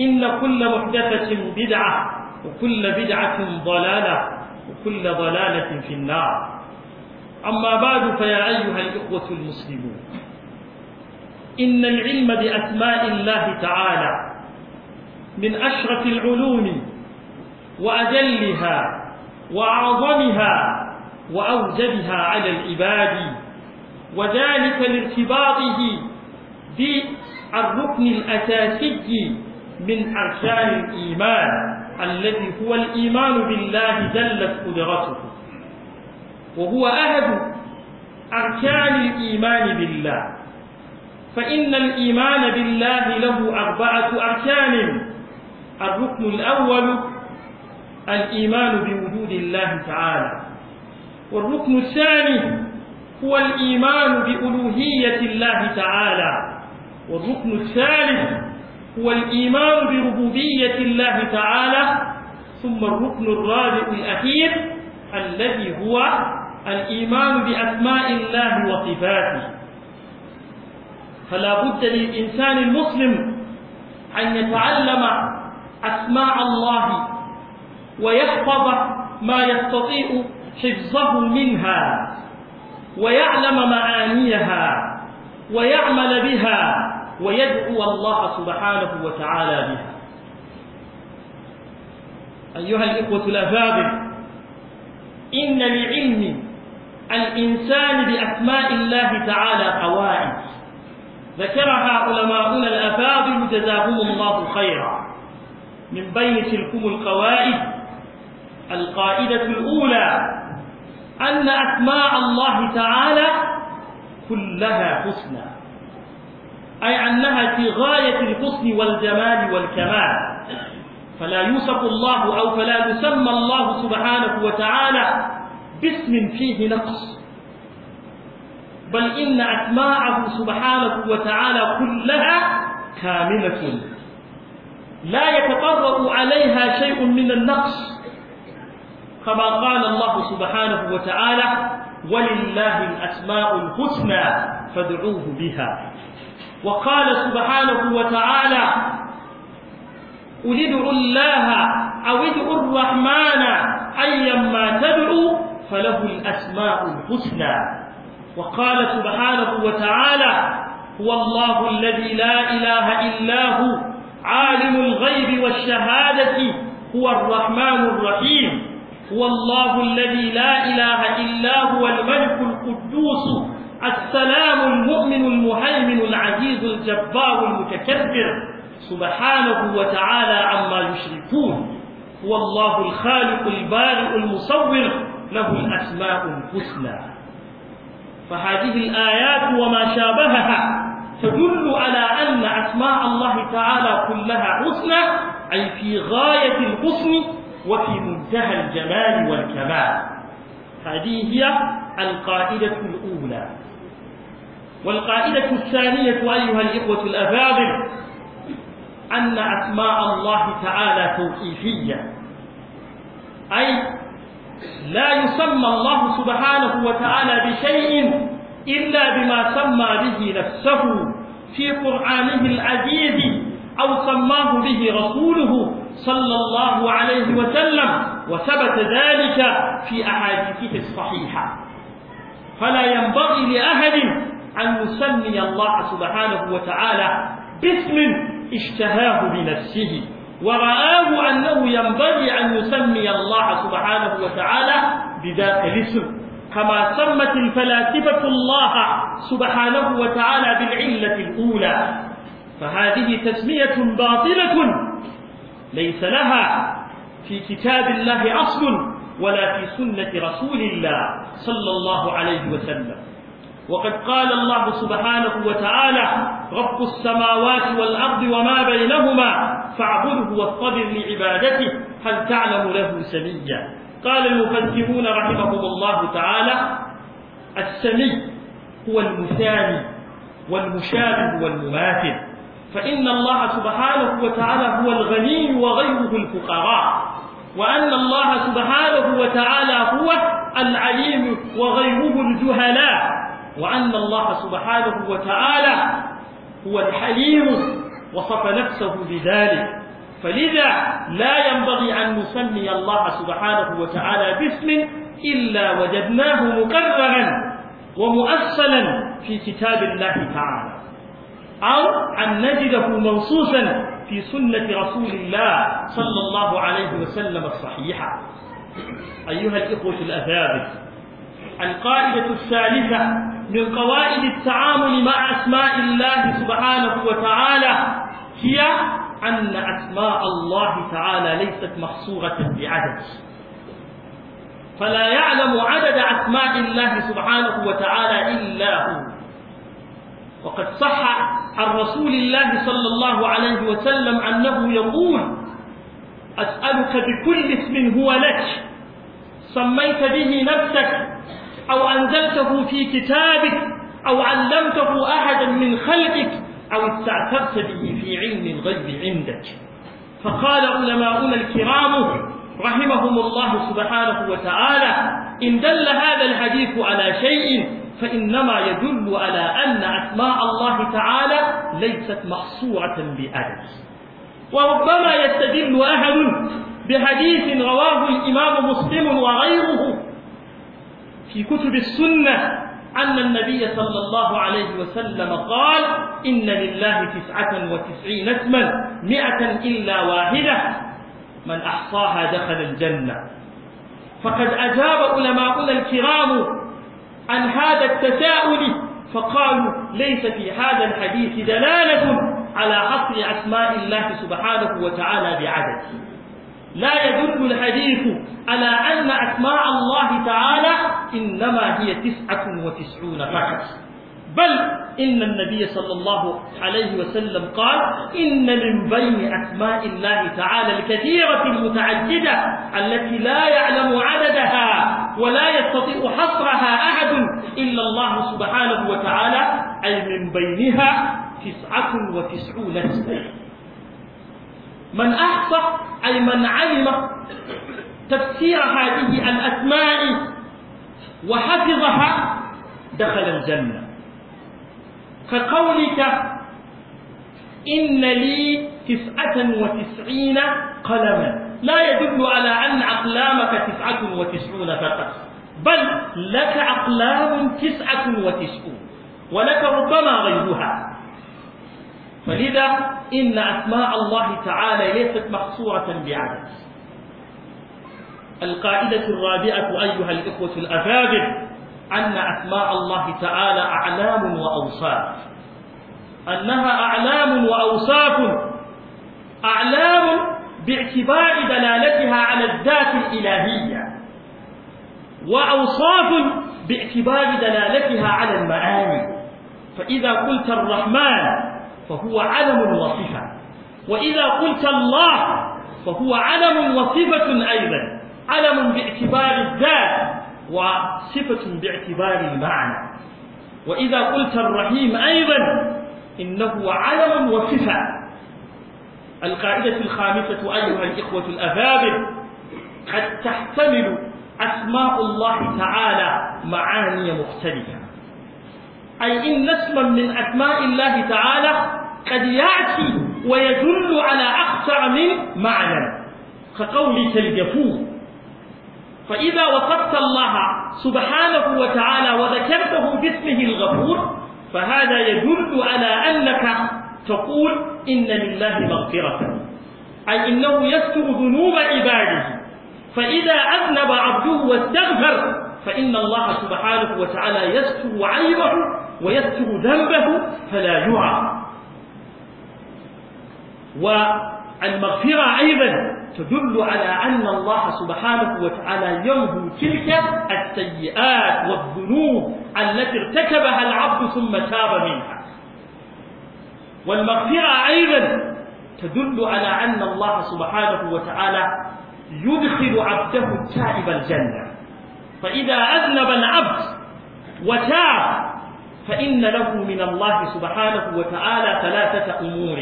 إن كل محدثة بدعة وكل بدعة ضلالة وكل ضلالة في النار أما بعد فيا أيها الإخوة المسلمون إن العلم بأسماء الله تعالى من أشرف العلوم وأجلها وأعظمها وأوجبها على العباد وذلك لارتباطه بالركن الأساسي من أركان الإيمان الذي هو الإيمان بالله جلت قدرته وهو أحد أركان الإيمان بالله فإن الإيمان بالله له أربعة أركان الركن الأول الإيمان بوجود الله تعالى والركن الثاني هو الإيمان بألوهية الله تعالى والركن الثالث هو الإيمان بربوبية الله تعالى ثم الركن الرابع الأخير الذي هو الإيمان بأسماء الله وصفاته فلا بد للإنسان المسلم أن يتعلم أسماء الله ويحفظ ما يستطيع حفظه منها ويعلم معانيها ويعمل بها ويدعو الله سبحانه وتعالى بها أيها الإخوة الأفاضل إن لعلم الإنسان بأسماء الله تعالى قواعد ذكرها علماؤنا الأفاضل جزاهم الله خيرا من بين تلكم القواعد القائدة الأولى أن أسماء الله تعالى كلها حسنى أي أنها في غاية الحسن والجمال والكمال فلا يوصف الله أو فلا يسمى الله سبحانه وتعالى باسم فيه نقص بل إن أسماءه سبحانه وتعالى كلها كاملة لا يتطرق عليها شيء من النقص كما قال الله سبحانه وتعالى ولله الأسماء الحسنى فادعوه بها وقال سبحانه وتعالى قل ادعوا الله أو ادعوا الرحمن أيما تدعوا فله الأسماء الحسنى وقال سبحانه وتعالى هو الله الذي لا إله إلا هو عالم الغيب والشهادة هو الرحمن الرحيم هو الله الذي لا إله إلا هو الملك القدوس السلام المؤمن المهيمن العزيز الجبار المتكبر سبحانه وتعالى عما يشركون هو الله الخالق البارئ المصور له الأسماء الحسنى فهذه الآيات وما شابهها تدل على أن أسماء الله تعالى كلها حسنى أي في غاية الحسن وفي منتهى الجمال والكمال هذه هي القاعدة الأولى والقاعدة الثانية أيها الإخوة الأفاضل أن أسماء الله تعالى توقيفية أي لا يسمى الله سبحانه وتعالى بشيء إلا بما سمى به نفسه في قرآنه العزيز أو سماه به رسوله صلى الله عليه وسلم وثبت ذلك في أحاديثه الصحيحة فلا ينبغي لأحد أن نسمي الله سبحانه وتعالى باسم اشتهاه بنفسه ورآه أنه ينبغي أن نسمي الله سبحانه وتعالى بذاك الاسم كما سمت الفلاسفة الله سبحانه وتعالى بالعلة الأولى فهذه تسمية باطلة ليس لها في كتاب الله أصل ولا في سنة رسول الله صلى الله عليه وسلم وقد قال الله سبحانه وتعالى رب السماوات والأرض وما بينهما فاعبده واصطبر لعبادته هل تعلم له سميا قال المفسرون رحمهم الله تعالى السمي هو المثاني والمشابه والمماثل فإن الله سبحانه وتعالى هو الغني وغيره الفقراء وأن الله سبحانه وتعالى هو العليم وغيره الجهلاء وأن الله سبحانه وتعالى هو الحليم وصف نفسه بذلك فلذا لا ينبغي أن نسمي الله سبحانه وتعالى باسم إلا وجدناه مكررا ومؤصلا في كتاب الله تعالى أو أن نجده منصوصا في سنة رسول الله صلى الله عليه وسلم الصحيحة أيها الإخوة الأذابة القاعدة الثالثة من قواعد التعامل مع أسماء الله سبحانه وتعالى هي أن أسماء الله تعالى ليست محصورة بعدد فلا يعلم عدد أسماء الله سبحانه وتعالى إلا هو وقد صح عن رسول الله صلى الله عليه وسلم أنه يقول أسألك بكل اسم هو لك سميت به نفسك أو أنزلته في كتابك أو علمته أحدا من خلقك أو استعثرت به في علم الغيب عندك فقال علماؤنا الكرام رحمهم الله سبحانه وتعالى إن دل هذا الحديث على شيء فإنما يدل على أن أسماء الله تعالى ليست مقصورة بأدب وربما يستدل أحد بحديث رواه الإمام مسلم وغيره في كتب السنة أن النبي صلى الله عليه وسلم قال إن لله تسعة وتسعين اسما مئة إلا واحدة من أحصاها دخل الجنة فقد أجاب علماؤنا الكرام عن هذا التساؤل فقالوا ليس في هذا الحديث دلالة على حصر أسماء الله سبحانه وتعالى بعدده لا يدل الحديث على أن أسماء الله تعالى إنما هي تسعة وتسعون فقط بل إن النبي صلى الله عليه وسلم قال إن من بين أسماء الله تعالى الكثيرة المتعددة التي لا يعلم عددها ولا يستطيع حصرها أحد إلا الله سبحانه وتعالى أي من بينها تسعة وتسعون اسما من أحصى أي من علم تفسير هذه الأسماء وحفظها دخل الجنة كقولك إن لي تسعة وتسعين قلما لا يدل على أن أقلامك تسعة وتسعون فقط بل لك أقلام تسعة وتسعون ولك ربما غيرها فلذا إن أسماء الله تعالى ليست محصورة بعدد القاعدة الرابعة أيها الإخوة الأفاضل أن أسماء الله تعالى أعلام وأوصاف أنها أعلام وأوصاف أعلام باعتبار دلالتها على الذات الإلهية وأوصاف باعتبار دلالتها على المعاني فإذا قلت الرحمن فهو علم وصفة وإذا قلت الله فهو علم وصفة أيضا علم باعتبار الذات وصفة باعتبار المعنى وإذا قلت الرحيم أيضا إنه علم وصفة القاعدة الخامسة أيها الإخوة الأبابل قد تحتمل أسماء الله تعالى معاني مختلفة أي إن اسما من أسماء الله تعالى قد يأتي ويدل على أخطر من معنى كقولك الجفور فإذا وصفت الله سبحانه وتعالى وذكرته باسمه الغفور فهذا يدل على أنك تقول إن لله مغفرة أي إنه يستر ذنوب عباده فإذا أذنب عبده واستغفر فإن الله سبحانه وتعالى يستر عيبه ويكتب ذنبه فلا يعى والمغفرة أيضا تدل على أن الله سبحانه وتعالى يمهو تلك السيئات والذنوب التي ارتكبها العبد ثم تاب منها والمغفرة أيضا تدل على أن الله سبحانه وتعالى يدخل عبده التائب الجنة فإذا أذنب العبد وتاب فإن له من الله سبحانه وتعالى ثلاثة أمور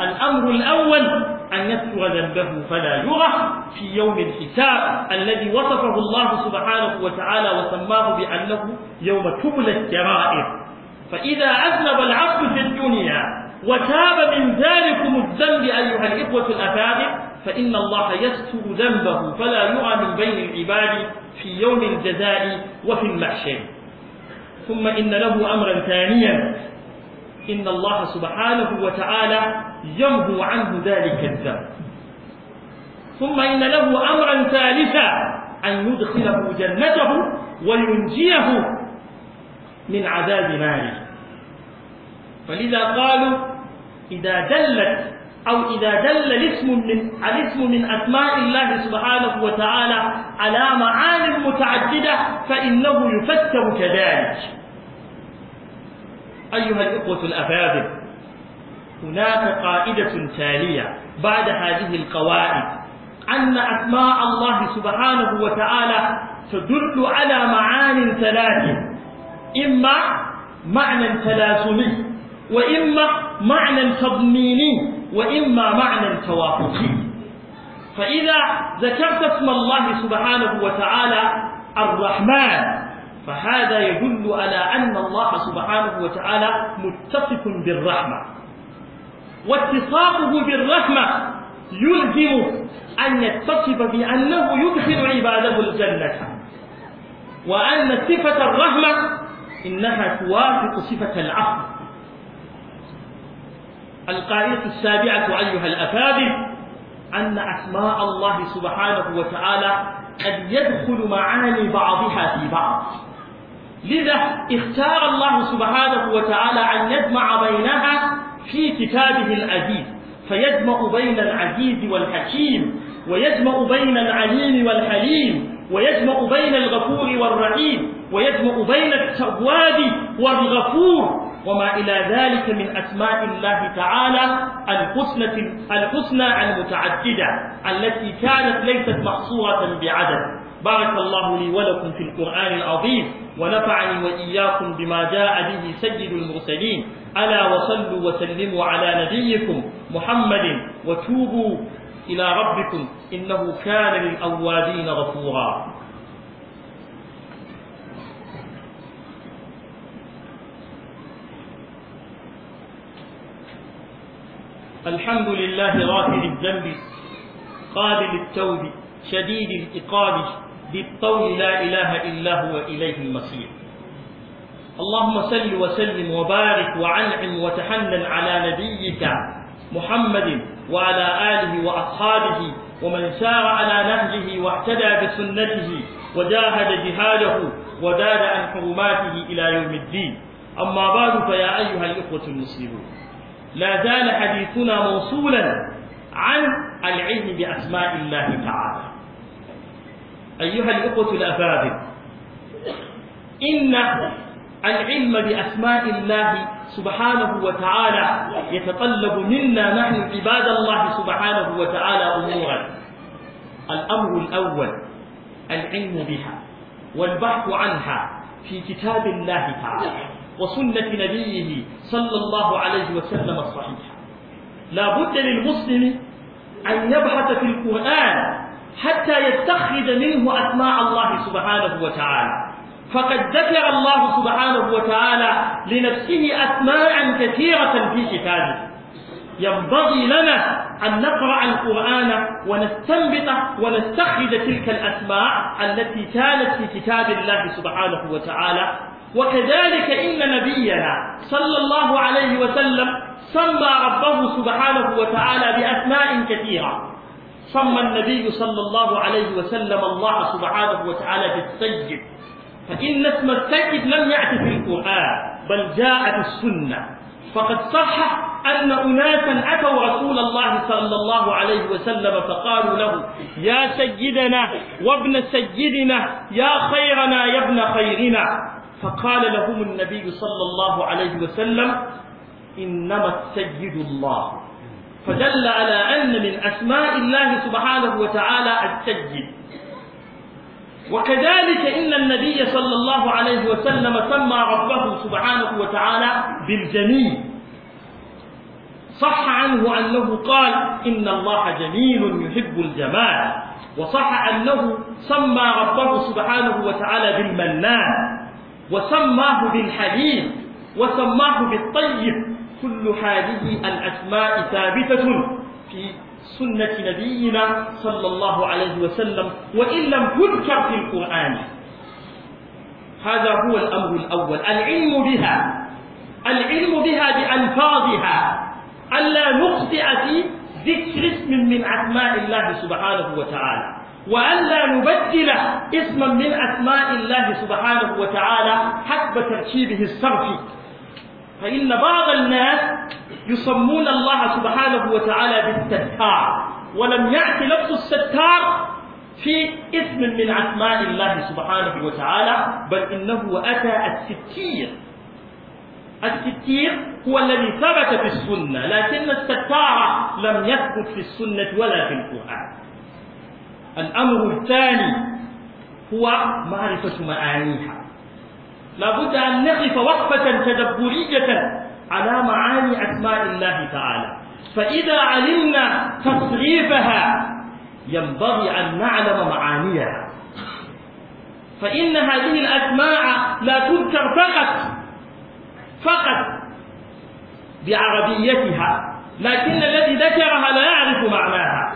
الأمر الأول أن يستر ذنبه فلا يرى في يوم الحساب الذي وصفه الله سبحانه وتعالى وسماه بأنه يوم تبلى الجرائم فإذا أذنب العبد في الدنيا وتاب من ذلكم الذنب أيها الإخوة الأفاضل فإن الله يستر ذنبه فلا يرى من بين العباد في يوم الجزاء وفي المحشر ثم إن له أمرا ثانيا إن الله سبحانه وتعالى يمهو عنه ذلك الذنب ثم إن له أمرا ثالثا أن يدخله جنته وينجيه من عذاب ماله فلذا قالوا إذا دلت أو إذا دل الاسم من الاسم من أسماء الله سبحانه وتعالى على معان متعددة فإنه يفسر كذلك أيها الإخوة الأفاضل هناك قاعدة تالية بعد هذه القواعد أن أسماء الله سبحانه وتعالى تدل على معان ثلاث إما معنى تلازمي وإما معنى تضميني وإما معنى توافقي فإذا ذكرت اسم الله سبحانه وتعالى الرحمن فهذا يدل على أن الله سبحانه وتعالى متصف بالرحمة واتصافه بالرحمة يلزم أن يتصف بأنه يدخل عباده الجنة وأن صفة الرحمة إنها توافق صفة العفو القاعدة السابعة أيها الأفاضل أن أسماء الله سبحانه وتعالى قد يدخل معاني بعضها في بعض لذا اختار الله سبحانه وتعالى أن يجمع بينها في كتابه العزيز فيجمع بين العزيز والحكيم ويجمع بين العليم والحليم ويجمع بين الغفور والرحيم ويجمع بين التواب والغفور وما إلى ذلك من أسماء الله تعالى الحسنى الحسنى المتعددة التي كانت ليست محصورة بعدد بارك الله لي ولكم في القرآن العظيم ونفعني وإياكم بما جاء به سيد المرسلين ألا وصلوا وسلموا على نبيكم محمد وتوبوا إلى ربكم إنه كان للأوابين غفورا الحمد لله رافع الذنب قابل التوب شديد الإقاب بالطول لا إله إلا هو إليه المصير اللهم صل وسلم وبارك وعنعم وتحنن على نبيك محمد وعلى آله وأصحابه ومن سار على نهجه واعتدى بسنته وجاهد جهاده وداد عن حرماته إلى يوم الدين أما بعد فيا أيها الإخوة المسلمون لا زال حديثنا موصولا عن العلم بأسماء الله تعالى أيها الإخوة الأفاضل إن العلم بأسماء الله سبحانه وتعالى يتطلب منا نحن عباد الله سبحانه وتعالى أمورا الأمر الأول العلم بها والبحث عنها في كتاب الله تعالى وسنة نبيه صلى الله عليه وسلم الصحيحة لا بد للمسلم أن يبحث في القرآن حتى يتخذ منه أسماء الله سبحانه وتعالى فقد ذكر الله سبحانه وتعالى لنفسه أسماء كثيرة في كتابه ينبغي لنا أن نقرأ القرآن ونستنبط ونستخرج تلك الأسماء التي كانت في كتاب الله سبحانه وتعالى وكذلك إن نبينا صلى الله عليه وسلم سمى ربه سبحانه وتعالى بأسماء كثيرة سمى النبي صلى الله عليه وسلم الله سبحانه وتعالى بالسيد فإن اسم السيد لم يأت في القرآن بل جاء في السنة فقد صح أن أناسا أتوا رسول الله صلى الله عليه وسلم فقالوا له يا سيدنا وابن سيدنا يا خيرنا يا ابن خيرنا فقال لهم النبي صلى الله عليه وسلم إنما السيد الله فدل على أن من أسماء الله سبحانه وتعالى السيد وكذلك إن النبي صلى الله عليه وسلم سمى ربه سبحانه وتعالى بالجميل صح عنه أنه قال إن الله جميل يحب الجمال وصح أنه سمى ربه سبحانه وتعالى بالمنان وسماه بالحليم وسماه بالطيب كل هذه الأسماء ثابتة في سنة نبينا صلى الله عليه وسلم وإن لم تذكر في القرآن هذا هو الأمر الأول العلم بها العلم بها بألفاظها ألا نخطئ في ذكر اسم من أسماء الله سبحانه وتعالى وألا نبدل اسما من أسماء الله سبحانه وتعالى حسب ترتيبه الصرفي فإن بعض الناس يسمون الله سبحانه وتعالى بالستار ولم يأت لفظ الستار في اسم من أسماء الله سبحانه وتعالى بل إنه أتى الستير الستير هو الذي ثبت في السنة لكن الستار لم يثبت في السنة ولا في القرآن الأمر الثاني هو معرفة معانيها لا بد أن نقف وقفة تدبرية على معاني أسماء الله تعالى فإذا علمنا تصريفها ينبغي أن نعلم معانيها فإن هذه الأسماء لا تذكر فقط فقط بعربيتها لكن الذي ذكرها لا يعرف معناها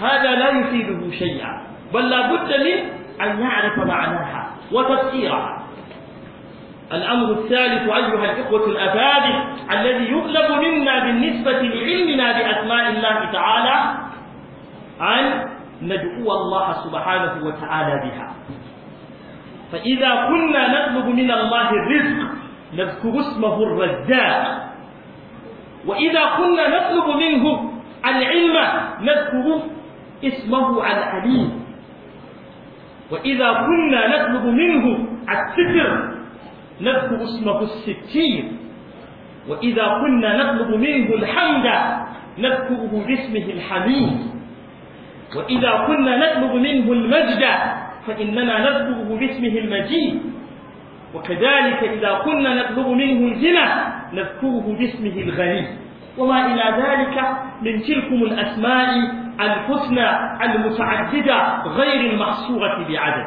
هذا لا يفيده شيئا بل لا بد من أن يعرف معناها وتفسيرها الأمر الثالث أيها الإخوة الأفاضل الذي يطلب منا بالنسبة لعلمنا بأسماء الله تعالى أن ندعو الله سبحانه وتعالى بها فإذا كنا نطلب من الله الرزق نذكر اسمه الرزاق وإذا كنا نطلب منه العلم نذكر اسمه العليم وإذا كنا نطلب منه الستر نذكر اسمه الستير وإذا كنا نطلب منه الحمد نذكره باسمه الحميد وإذا كنا نطلب منه المجد فإننا نذكره باسمه المجيد وكذلك إذا كنا نطلب منه الزنا نذكره باسمه الغني وما إلى ذلك من تلكم الأسماء الحسنى المتعددة غير المحصورة بعدد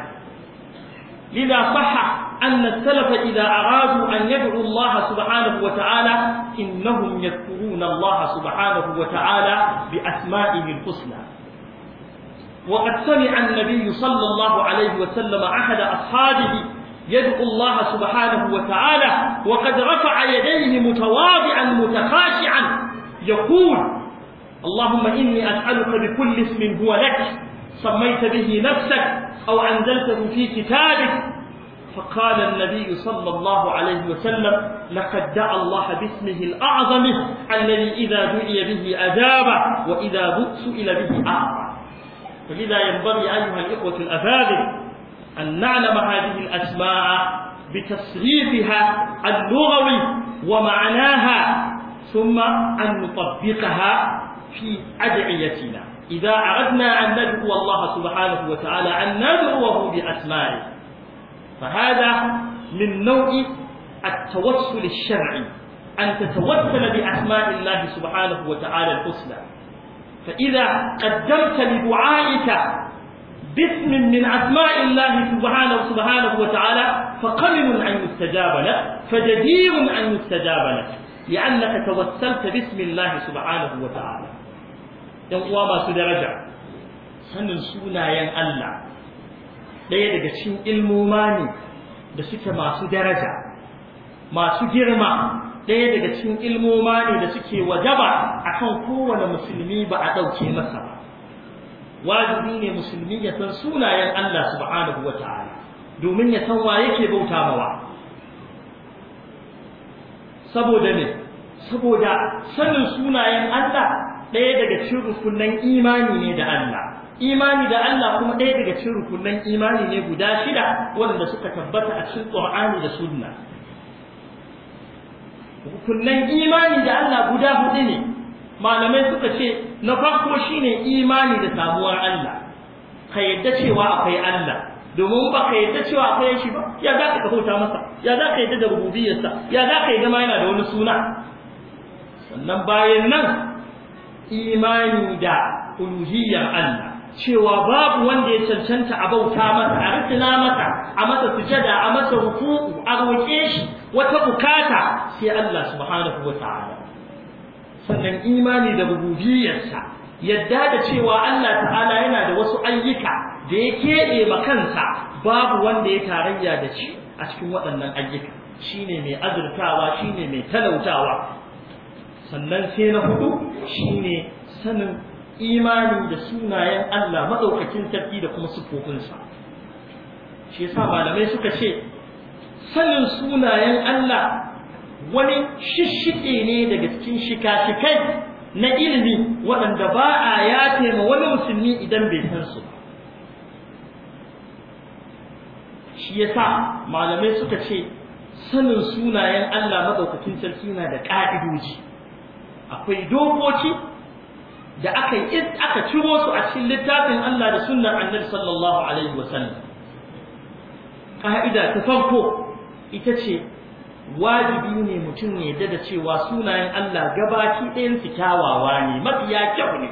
لذا صح أن السلف إذا أرادوا أن يدعوا الله سبحانه وتعالى إنهم يذكرون الله سبحانه وتعالى بأسمائه الحسنى وقد سمع النبي صلى الله عليه وسلم أحد أصحابه يدعو الله سبحانه وتعالى وقد رفع يديه متواضعا متخاشعا يقول اللهم إني أسألك بكل اسم هو لك سميت به نفسك أو أنزلته في كتابك فقال النبي صلى الله عليه وسلم لقد دعا الله باسمه الأعظم الذي إذا دعي به أجاب وإذا سئل به أعطى فلذا ينبغي أيها الإخوة الأفاضل أن نعلم هذه الأسماء بتصريفها اللغوي ومعناها ثم أن نطبقها في أدعيتنا إذا أردنا أن ندعو الله سبحانه وتعالى أن ندعوه بأسمائه فهذا من نوع التوسل الشرعي أن تتوسل بأسماء الله سبحانه وتعالى الحسنى فإذا قدمت لدعائك باسم من اسماء الله سبحانه, سبحانه وتعالى فقمم ان ن يستجاب لك فجدير ان ن يستجاب لك ل توسلت باسم الله سبحانه وتعالى يوم قوى ما سدرجع سننسونا ين الا لا يدق شن الموماني بسك ما سدرجع ما سجرما لا يدق شن الموماني بسك وجبع عشان قوى المسلمين بعد توكي مثلا wajibi ne musulmi ya san sunayen Allah subhanahu wa ta'ala domin ya san wa yake bauta mawa saboda ne saboda sanin sunayen Allah ɗaya daga cikin rukunan imani ne da Allah imani da Allah kuma ɗaya daga cikin rukunan imani ne guda shida wanda suka tabbata a cikin Qur'ani da Sunna rukunan imani da Allah guda hudu ne malamai suka ce na farko shine imani da samuwar Allah ka yadda cewa akwai Allah domin ba ka yadda cewa akwai shi ba ya za ka kauta masa ya za ka yadda da rububiyarsa ya za ka yadda ma yana da wani suna sannan bayan nan imani da uluhiyyar Allah cewa babu wanda ya cancanta a bauta masa a rikina masa a masa sujada a masa ruku'u a roƙe shi wata bukata sai Allah subhanahu wa ta'ala sannan imani da rububiyarsa yadda da cewa Allah ta'ala yana da wasu ayyuka da ya keɗe ma kansa babu wanda ya tarayya da shi a cikin waɗannan ayyuka shine mai azurtawa shine mai talautawa sannan sai na hudu shine sanin imani da sunayen Allah madaukakin sarki da kuma sifofinsa shi yasa malamai suka ce sanin sunayen Allah wani shishike ne daga cikin shika na ilimi waɗanda ba a ya tema wani musulmi idan bai san su shi yasa malamai suka ce sanin sunayen Allah madaukakin sarki na da ƙa'idodi, akwai dokoki da aka aka ciro su a cikin littafin Allah da sunnar Annabi sallallahu alaihi wasallam ƙa'ida ta farko ita ce wajibi ne mutum ya dada da cewa sunayen Allah gabaki ɗayan su kyawawa ne mafiya kyau ne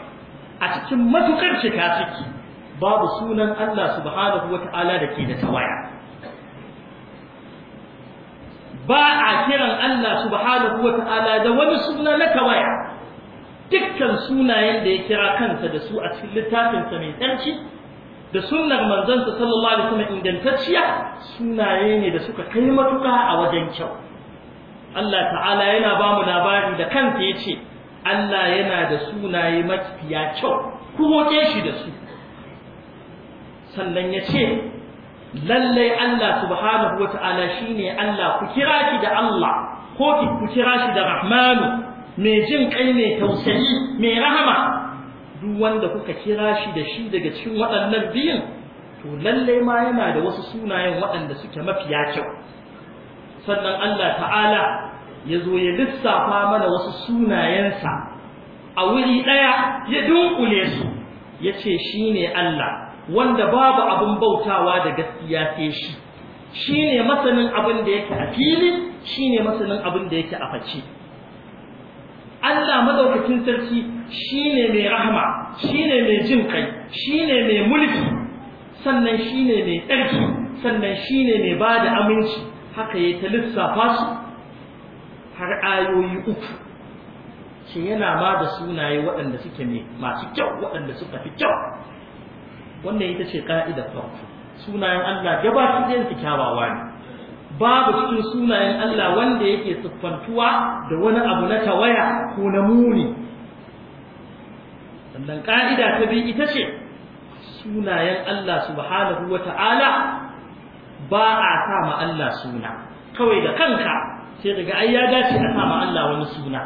a cikin matukar cika ciki babu sunan Allah subhanahu wata'ala da ke da tawaya ba a kiran Allah subhanahu wata'ala da wani suna na tawaya dukkan sunayen da ya kira kansa da su a cikin littafinsa mai tsarki da sunnar sa sallallahu alaihi wasallam ingantacciya sunaye ne da suka kai matuƙa a wajen kyau Allah ta'ala yana ba mu labari da kanta yace Allah yana da sunaye mafiya kyau ku roƙe shi da su sannan yace ce lallai Allah subhanahu wa ta'ala shi Allah ku kira shi da Allah ko ku kira shi da Rahmanu mai jin kai mai tausayi mai rahama duk wanda kuka kira shi da shi daga cikin waɗannan biyun to lallai ma yana da wasu sunayen waɗanda suke mafiya kyau sannan Allah ta'ala ya zo ya lissafa mana wasu sunayensa a wuri ɗaya ya dunkule su ya ce shi ne Allah wanda babu abin bautawa da gaskiya sai shi shi ne masanin abin da yake a fili shi ne masanin abin da yake a face Allah madaukakin sarki shi ne mai rahama shi ne mai jin kai shi ne mai mulki sannan shi ne mai tsarki sannan shi ne mai ba da aminci haka ya ta lissafa su har ayoyi uku ce yana ba da sunaye waɗanda suke ne masu kyau waɗanda suka fi kyau wannan ita ce ka'idar farko sunayen Allah gaba su zai kyawawa ne babu cikin sunayen Allah wanda yake siffantuwa da wani abu na tawaya ko na muni sannan ka'ida ta biyu ita ce sunayen Allah subhanahu wata'ala ba a sa ma Allah suna kawai da kanka sai kaga ai ya dace a sa ma Allah wani suna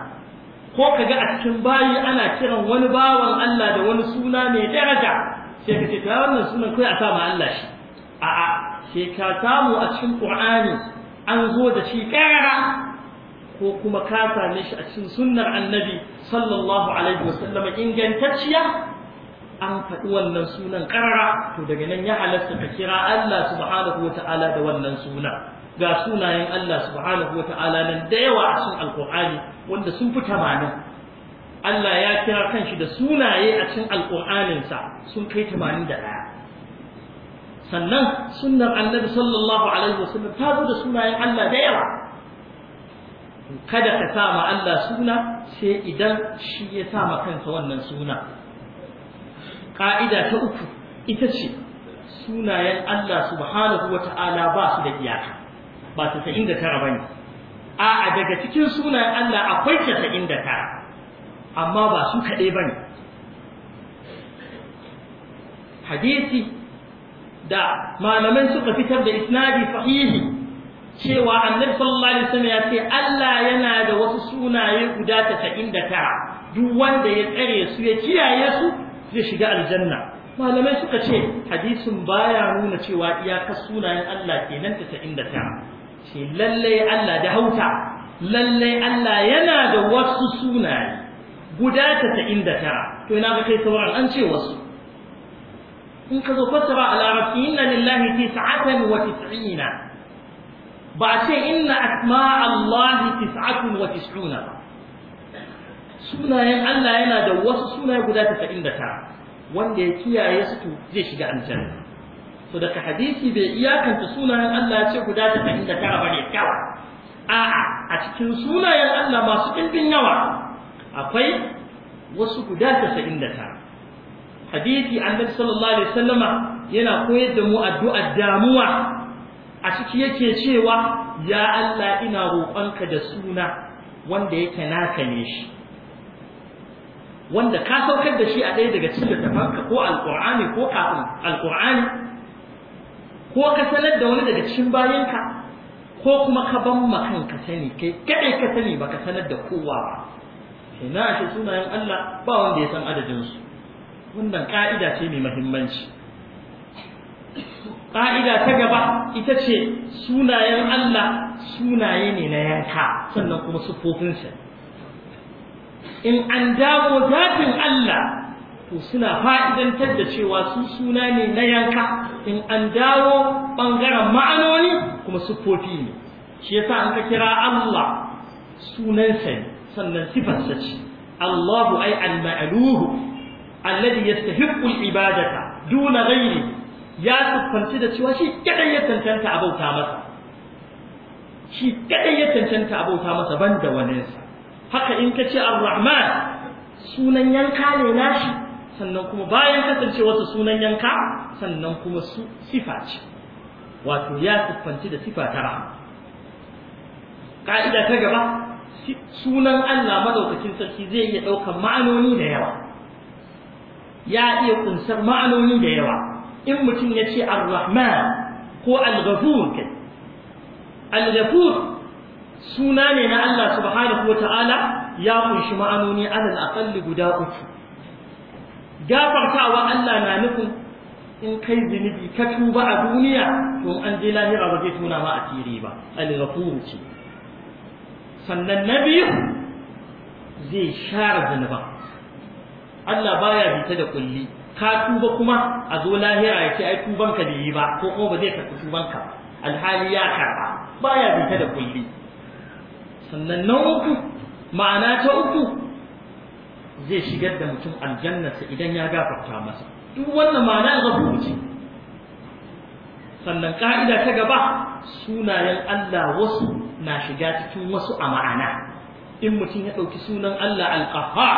ko kaga a cikin bayi ana kiran wani bawan Allah da wani suna mai daraja sai kace ta wannan sunan kai a sa ma Allah shi a'a sai ka samu a cikin Qur'ani an zo da shi karara ko kuma ka same shi a cikin sunnar annabi sallallahu alaihi wasallam ingantacciya an faɗi wannan sunan ƙarara to daga nan ya halatta ka kira Allah subhanahu ta'ala da wannan suna ga sunayen Allah subhanahu ta'ala nan da yawa a cikin Alƙur'ani wanda sun fi tamanin Allah ya kira kanshi da sunaye a cikin alkur'aninsa sun kai tamanin da ɗaya sannan sunnar annabi sallallahu alaihi wasallam ta zo da sunayen Allah da yawa kada ka sa ma Allah suna sai idan shi ya sama ma kansa wannan suna ƙa'ida ta uku ita ce sunayen Allah subhanahu wa ta'ala ba su da iyaka ba ta sa'in da tara ba ne A'a daga cikin sunayen Allah akwai ta sa'in da tara amma ba su kaɗai ba ne hadisi da malaman suka fitar da isnadi sahihi cewa annabi sallallahu alaihi wasallam ya ce Allah yana da wasu sunaye guda 99 duk wanda ya tsare su ya kiyaye su zai shiga aljanna malamai suka ce hadisin baya nuna cewa iyakar sunayen Allah kenan 99 ce lallai Allah da hauta lallai Allah yana da wasu sunaye guda 99 to ina ga kai sauran an ce wasu in ka zo fassara a larabci inna lillahi tis'atan wa tis'ina ba ce inna asma Allah tis'atun wa tis'una ba sunayen Allah yana da wasu sunaye guda ta, wanda ya kiyaye su to zai shiga aljanna to daga hadisi bai iyakanta sunayen Allah ya ce guda 99 bane kawai a'a a cikin sunayen Allah masu ɗimbin yawa akwai wasu guda 99 hadisi annabi sallallahu alaihi wasallama yana koyar da mu addu'ar damuwa a ciki yake cewa ya Allah ina roƙonka da suna wanda yake naka ne shi wanda ka saukar da shi a ɗaya daga cikin littafanka ko alƙur'ani ko kafin alƙur'ani ko ka sanar da wani daga cikin bayanka ko kuma ka ban ma kanka sani kai kaɗai ka sani ba ka sanar da kowa ba sai na shi sunayen Allah ba wanda ya san su wannan ƙa'ida ce mai muhimmanci ƙa'ida ta gaba ita ce sunayen Allah sunaye ne na yanka sannan kuma siffofinsa in an dawo zafin Allah to suna fa'idantar da cewa su suna ne na yanka in an dawo ɓangaren ma'anoni kuma siffofi ne shi yasa an ka kira Allah sunansa ne sannan siffarsa ce Allahu ai al-ma'aluhu alladhi yastahiqqu al-ibadata duna ghayri ya siffanci da cewa shi kadai ya tantanta abauta masa shi kadai ya tantanta abauta masa banda waninsa haka in ka ce ar-rahman sunan yanka ne nashi sannan kuma bayan kasance wata sunan yanka sannan kuma su sifa ce wato ya siffanci da sifa ta rahama ka'ida ta gaba sunan Allah madaukakin sarki zai iya ɗaukar ma'anoni da yawa ya iya kunsar ma'anoni da yawa in mutum ya ce ar-rahman ko al-ghafur al-ghafur suna ne na Allah subhanahu wa ta'ala ya kunshi ma'anoni alal aqalli guda uku gafartawa Allah na nufin in kai zunubi ka tuba a duniya to an je lahira ba zai tona ma asiri ba al ce sannan na biyu zai share zunuban Allah baya bita da kulli ka tuba kuma a zo lahira ya ce ai tuban ka da yi ba ko kuma ba zai karɓi tuban ka alhali ya karɓa baya bita da kulli sannan na uku ma'ana ta uku zai shigar da mutum aljannarsa idan ya gafarta masa duk wannan ma'ana ghafur ce sannan ka'ida ta gaba sunayen Allah wasu na shiga cikin wasu a ma'ana in mutum ya ɗauki sunan Allah alƙaha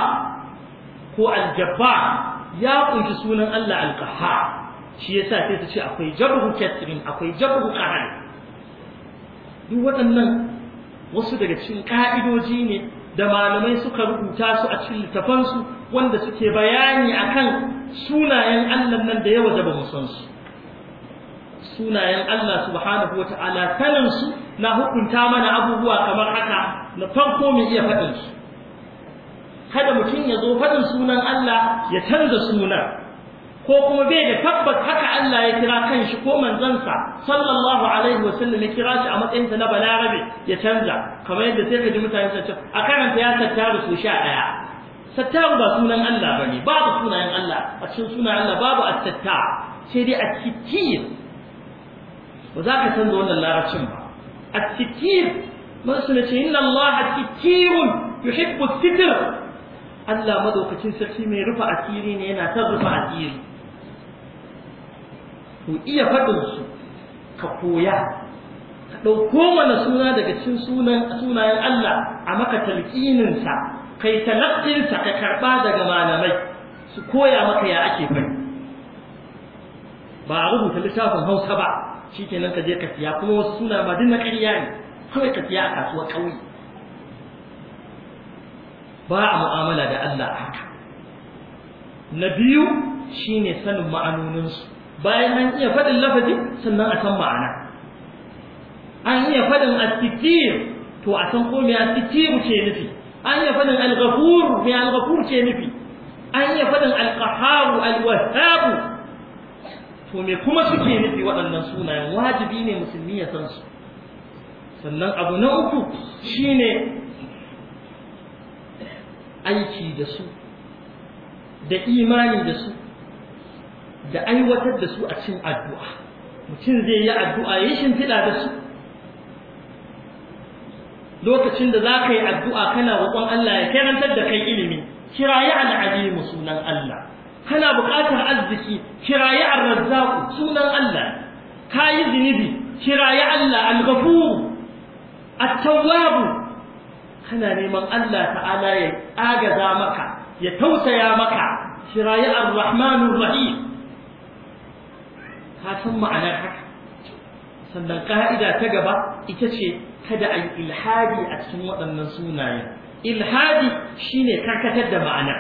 ko aljabba ya ƙunshi sunan Allah alƙaha shi ya sa sai ta ce akwai jarru katrin akwai jarru ƙahar duk waɗannan wasu daga cikin ka'idoji ne da malamai suka rubuta su a cikin littafansu wanda suke bayani akan sunayen Allah nan da yawa da ba mu san su sunayen Allah subhanahu wata'ala sanin su na hukunta mana abubuwa kamar haka na farko mu iya faɗin su kada mutum ya zo faɗin sunan Allah ya canza sunan ko kuma bai da tabbas haka Allah ya kira kanshi ko manzansa sallallahu alaihi wa sallam ya kira shi a matsayin sa na balarabe ya canza kamar yadda sai ka ji mutane sun ce a karanta ya sattaru su sha daya sattaru ba sunan Allah bane babu sunayen Allah a cikin sunayen Allah babu at sai dai at-titir ba za ka canza wannan larabcin ba at-titir mun suna ce inna Allah at-titirun yuhibbu at Allah madaukakin sarki mai rufe asiri ne yana son rufe asiri ku iya faɗin su ka koya ka ɗauko mana suna daga cikin sunan sunayen Allah a maka talqinin kai talaqqin ka karba daga malamai su koya maka ya ake faɗi ba a rubuta littafin Hausa ba shikenan ka je ka siya kuma wasu suna ba duk na ƙarya ne kawai ka siya a kasuwar ƙauye ba a mu'amala da Allah haka na biyu shine sanin ma'anoninsu bayan an iya faɗin lafazi sannan a san ma'ana an iya faɗin astitir to a san ko me astitir ce nufi an iya faɗin alghafur me alghafur ce nufi an iya faɗin alqahar alwahhab to me kuma suke nufi waɗannan sunayen wajibi ne musulmi ya san su sannan abu na uku shine aiki da su da imani da su da aiwatar da su a cikin addu'a mutum zai yi addu'a ya shimfiɗa da su lokacin da za ka yi addu'a kana roƙon Allah ya karantar da kai ilimi kirayi al'adimu sunan Allah kana buƙatar arziki kirayi arrazzaku sunan Allah ka yi zunubi kirayi Allah al-ghafuru at kana neman Allah ta'ala ya agaza maka ya tausaya maka kiraya ar-rahmanur rahim ka san ma'anar haka sannan ka'ida ta gaba ita ce kada a yi ilhadi a cikin waɗannan sunayen ilhadi shine karkatar da ma'ana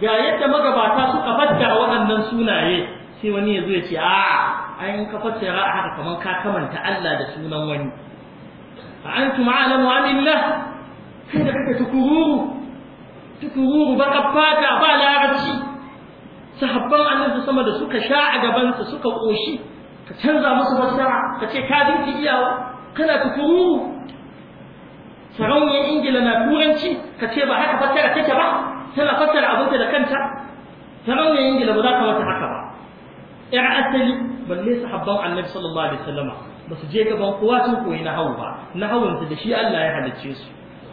ga yadda magabata suka a waɗannan sunaye sai wani ya zo ya ce a an ka fassara haka kamar ka kamanta Allah da sunan wani a antum a'lamu amillah kai da kake tukururu tukururu baka fata ba larabci sahabban annabi sama da suka sha a gaban su suka koshi ka canza musu fassara ka ce ka dinki iyawa kana tukuru sarauniyar ingila na turanci ka ce ba haka fassara take ba tana fassara abinta da kanta sarauniyar ingila ba za ka mata haka ba yar asali balle sahabban annabi sallallahu alaihi wasallam ba su je gaban kowa sun koyi na hawu ba na nahawun da shi Allah ya halicce su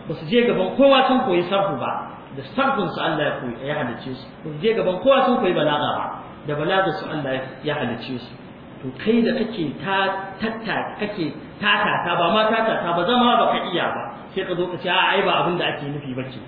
ba su je gaban kowa sun koyi sarhu ba da sarfin su Allah ya koyi ya halice su je gaban kowa sun koyi balaga ba da balaga su Allah ya halice su to kai da kake ta tatta kake tatata ba ma tatata ba zama ba ka iya ba sai ka zo ka ce a ai ba abin da ake nufi ba ce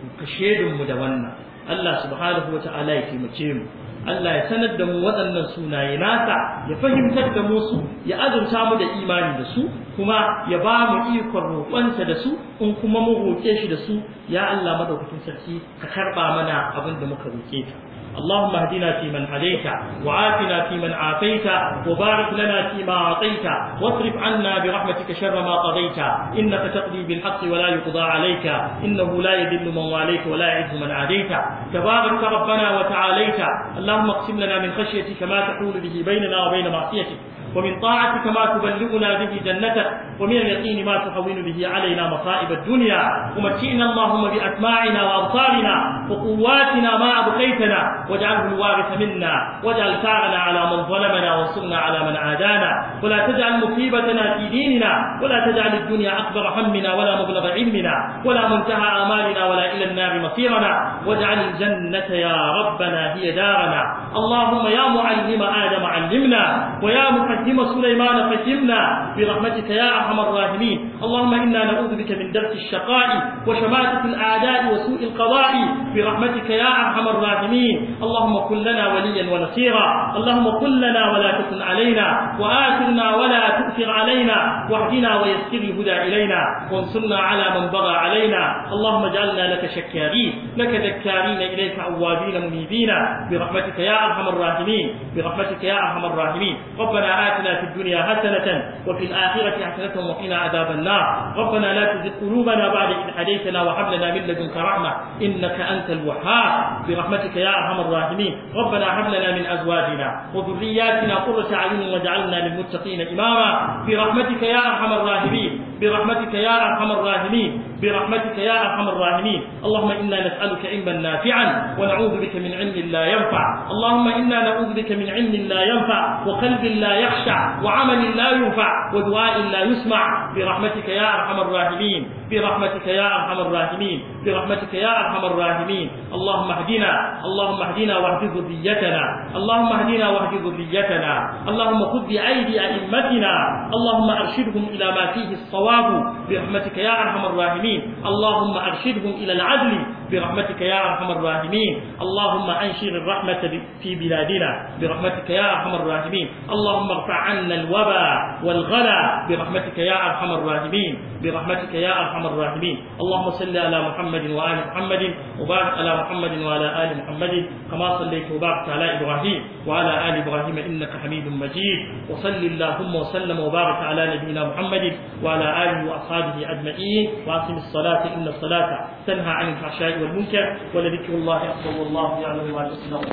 to ka shedin mu da wannan Allah subhanahu wa ta'ala ya taimake mu Allah ya sanar da mu waɗannan sunaye nasa ya fahimtar da mu su ya azurta mu da imani da su kuma ya ba mu ikon roƙonsa da su in kuma mu roƙe shi da su ya Allah madaukakin sarki ka karɓa mana abin da muka roƙe ta. اللهم اهدنا فيمن هديت وعافنا فيمن عافيت وبارك لنا فيما أعطيت واصرف عنا برحمتك شر ما قضيت إنك تقضي بالحق ولا يقضى عليك إنه لا يذل من واليت ولا يعز من عاديت تبارك ربنا وتعاليت اللهم اقسم لنا من خشيتك ما تحول به بيننا وبين معصيتك ومن طاعتك ما تبلغنا به جنتك ومن اليقين ما تهون به علينا مصائب الدنيا ومتعنا اللهم بأسماعنا وأبصارنا وقواتنا ما أبقيتنا واجعله الوارث منا واجعل ثارنا على من ظلمنا وانصرنا على من عادانا ولا تجعل مصيبتنا في ديننا ولا تجعل الدنيا أكبر همنا ولا مبلغ علمنا ولا منتهى آمالنا ولا إلى النار مصيرنا واجعل الجنة يا ربنا هي دارنا اللهم يا معلم آدم علمنا ويا محسن فهم سليمان فهمنا برحمتك يا أرحم الراحمين اللهم إنا نعوذ بك من درس الشقاء وشماتة الأعداء وسوء القضاء برحمتك يا أرحم الراحمين اللهم كن لنا وليا ونصيرا اللهم كن لنا ولا تكن علينا وآثرنا ولا تؤثر علينا واهدنا ويسر الهدى إلينا وانصرنا على من بغى علينا اللهم اجعلنا لك شكارين لك ذكارين إليك أوابين منيبين برحمتك يا أرحم الراحمين برحمتك يا أرحم الراحمين ربنا آت آتنا في الدنيا حسنة وفي الآخرة حسنة وقنا عذاب النار ربنا لا تزغ قلوبنا بعد إذ هديتنا وهب لنا من لدنك رحمة إنك أنت الوهاب برحمتك يا أرحم الراحمين ربنا هب لنا من أزواجنا وذرياتنا قرة أعين واجعلنا للمتقين إماما برحمتك يا أرحم الراحمين برحمتك يا أرحم الراحمين برحمتك يا ارحم الراحمين اللهم انا نسالك علما نافعا ونعوذ بك من علم لا ينفع اللهم انا نعوذ بك من علم لا ينفع وقلب لا يخشع وعمل لا ينفع ودعاء لا يسمع برحمتك يا ارحم الراحمين برحمتك يا ارحم الراحمين برحمتك يا ارحم الراحمين اللهم اهدنا اللهم اهدنا واهد ذريتنا اللهم اهدنا واهد ذريتنا اللهم خذ بايدي ائمتنا اللهم ارشدهم الى ما فيه الصواب برحمتك يا ارحم الراحمين العالمين اللهم أرشدهم إلى العدل برحمتك يا أرحم الراحمين اللهم أنشر الرحمة في بلادنا برحمتك يا أرحم الراحمين اللهم ارفع عنا الوبا والغلا برحمتك يا أرحم الراحمين برحمتك يا أرحم الراحمين اللهم صل على محمد وآل محمد وبارك على محمد وعلى آل محمد كما صليت وباركت على إبراهيم وعلى آل إبراهيم إنك حميد مجيد وصل اللهم وسلم وبارك على نبينا محمد وعلى آله وأصحابه أجمعين وأقم الصلاة إن الصلاة تنهى عن الفحشاء بالفحشاء والمنكر ولذكر الله أكبر والله يعلم ما تصنعون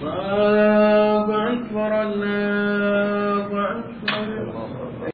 الله أكبر الله أكبر